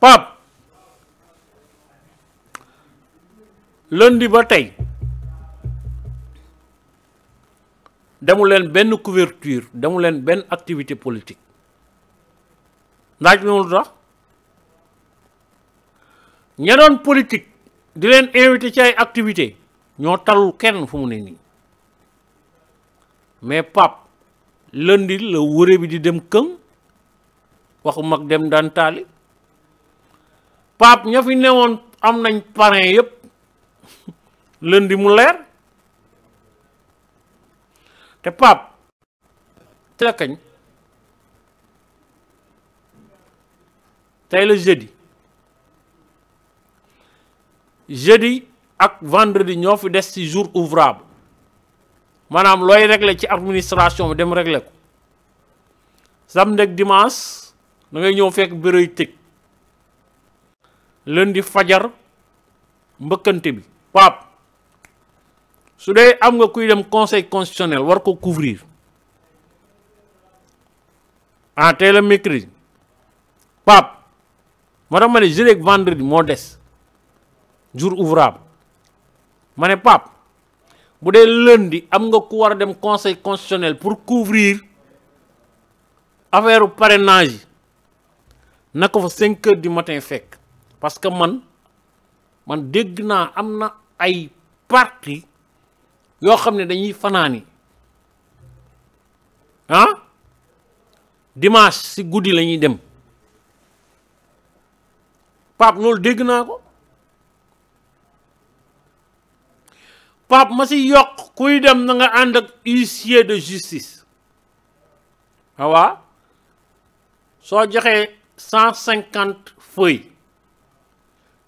Pape lundi ba tey demu leen benn couverture demu leen benn activité politique ndaaj mi lu tax ña doon politique di leen invité ci activité ñoo talul kenn fu mu ne nii mais Pape lundi la wëre bi di dem këng waxu mag dem daan taali pap ña fi newon am nañ parrain yépp lundi mu leer te pap kañ tay le jeudi jeudi ak vendredi ñoo fi dess ci jour ouvrable manam loy régler ci administration bi dem régler ko samedi ak dimanche da ngay ñëw fekk bureau yi lundi fajar mbëkkante bi paap su dee am nga dem conseil constitutionnel war ko couvrir ah tey la Pape, mara ma tax vendredi mo jour ouvrable mané pap lundi am nga ku war dem conseil constitutionnel pour couvrir affaire parrainage yi na h fa du matin fekk parce que man man dégg naa am ay parti yo xam ne dañuy fanani, ah dimanche si guddi la ñuy dem pap loolu dégg naa ko pap ma si yokk kuy dem na nga ànd ak huissier de justice ah awa, soo joxee 150 feuilles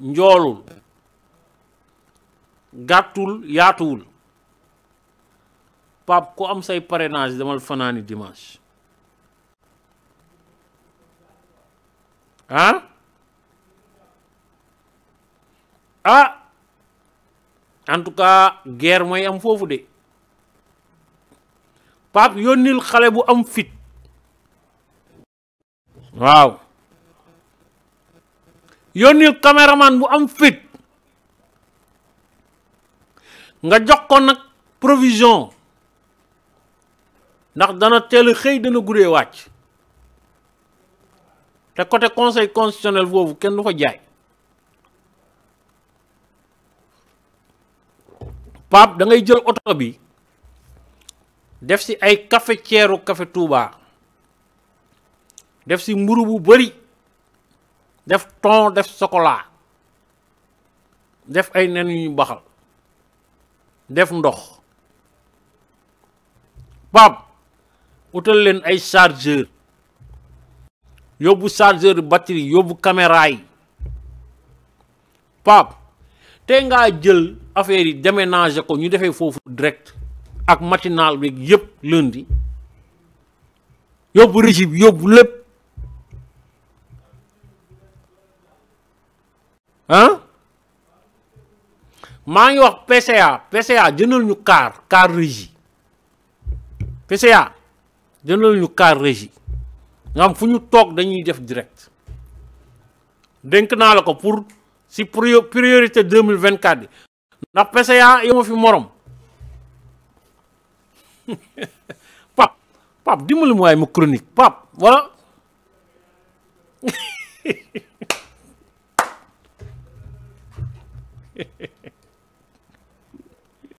njoolul gàttul yaatuwul pap ku am say parrainage demal fanaani dimanche ah ah en tout mooy am foofu de pap yónnil xale bu am fit waaw yónnil caméraman bu am fit nga jox ko nag provision ndax dana teel a xëy dana guddee wàcc te côté conseil constitutionnel boobu kenn du ko jaay Pape dangay jël oto bi def si ay café ceeru café Touba def si mburu bu bari def thon def chocolat def ay nen yu baxal def ndox pap utal leen ay chargeur yóbbu chargeur batterie yóbbu caméra paab te nga jël affaire yi déménager ko ñu defee foofu direct ak matinal bi yëpp lundi yóbbu régie bi yóbbu lépp ah maa ngi wax PCA PCA jëndal ñu car car régie PCA jëndal ñu car régie nga am fu ñu toog dañuy def direct denk naa la ko pour si priorité 2024 bi ndax PCA yow ma fi morom pap pap dimbali mu waaye ma chronique pap voilà